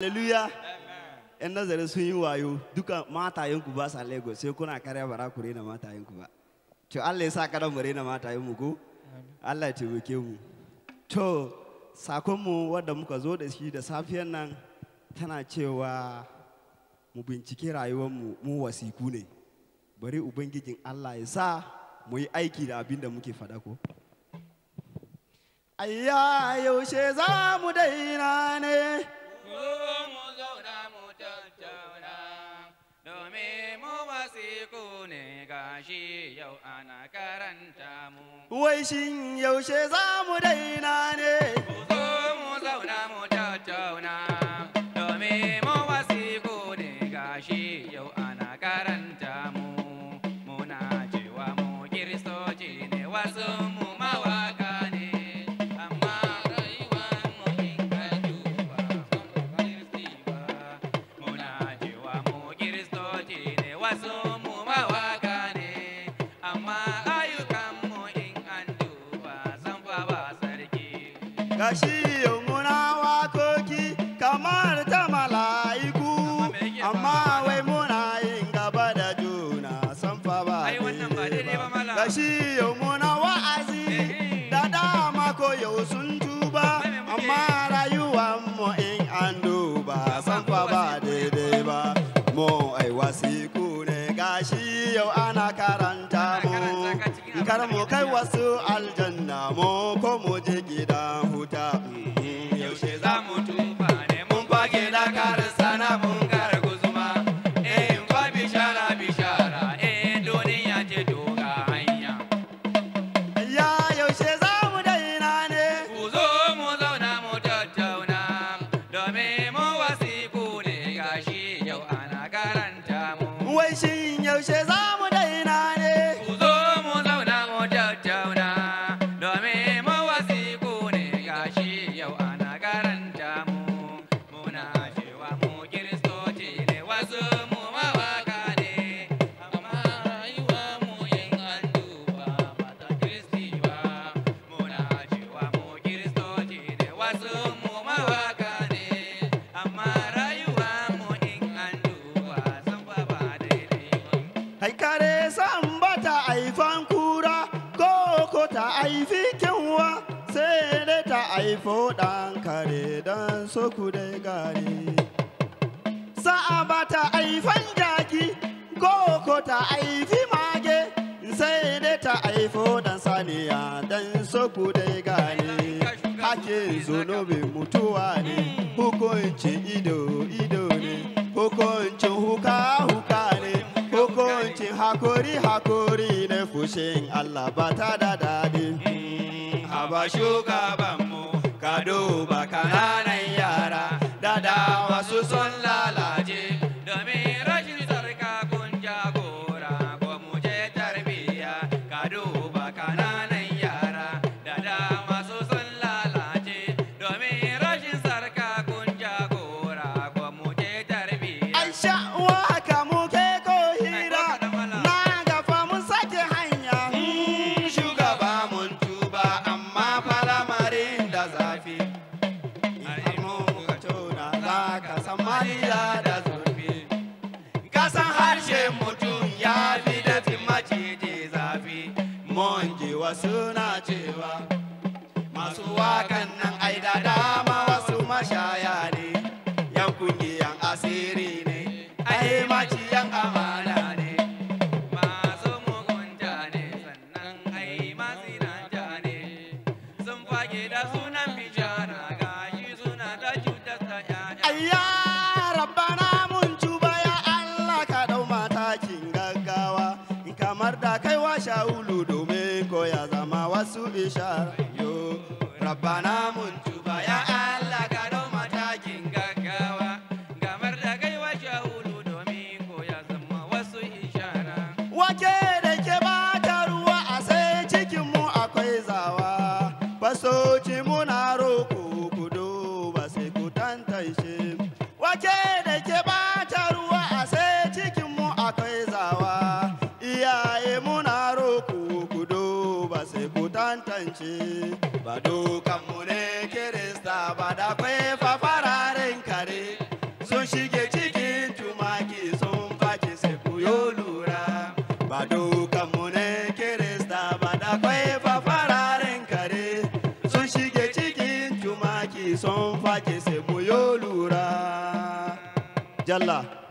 Hallelujah. ‘Yan nazarin sun yi wayo duka ku ba sa Lagos sai kuna karya bara ku rena ku ba. To Allah ya sa karan mu rena mu ko? Allah ya taimake mu. To sakonmu wadda muka zo da shi da safiyan nan tana cewa mu bincike rayuwar mu wasiku ne. Bari Ubangijin Allah ya sa mu yi aiki da abin da muke faɗa ko? Ayya yaushe za mu daina ne. ku ne gashi yau ana karanta mu. Wai shin yaushe za mu daina ne? zo mu zauna mu tattauna, domin mu wasi ku ne gashi yau ana karanta mu. Muna cewa mu kiristoci ne wasu mu. shi muna wakoki kamar ta mala'iku amma wai muna yin gaba da juna sanfa ba ga shi muna wa'azi da dama ko amma rayuwan mu in an daidai ba mo aiwa siku ne ga shi ana karanta kar mu kai wasu aljanna mu ko mu je gidan huta. haifan kura ko ta haifi kyanwa sai da ta haifo ɗan kare don so dai gari sa'a ba ta haifan jaki ko ta haifi mage sai dai ta aifo ɗan saniya dan so ku dai gari ake zunubi mutuwa ne hukunci ido ido ne hukuncin hukawa tushen Allah ba ta da daɗi. Mm, haba shugabanmu, ka duba kananan yara, da wasu sun wasu na cewa masu wakan nan ai da dama wasu mashaya ne yan kungiyan asiri ne ai maciyan amana ne masu mugunta ne sannan ai mazinanta ne sun fage da sunan bijana gashi suna ta cutar ta yaya ayya rabbana tuba ya Allah ka dau matakin gaggawa kamar da kaiwa shawulu domin su ishar yo rabbana muntuba ya ku tantance ba dukanmu ne kirista ba da kwai fararen kare sun shige cikin tumaki sun face sai ku yo lura ba dukanmu ne kirista ba da kwai tumaki sun face jalla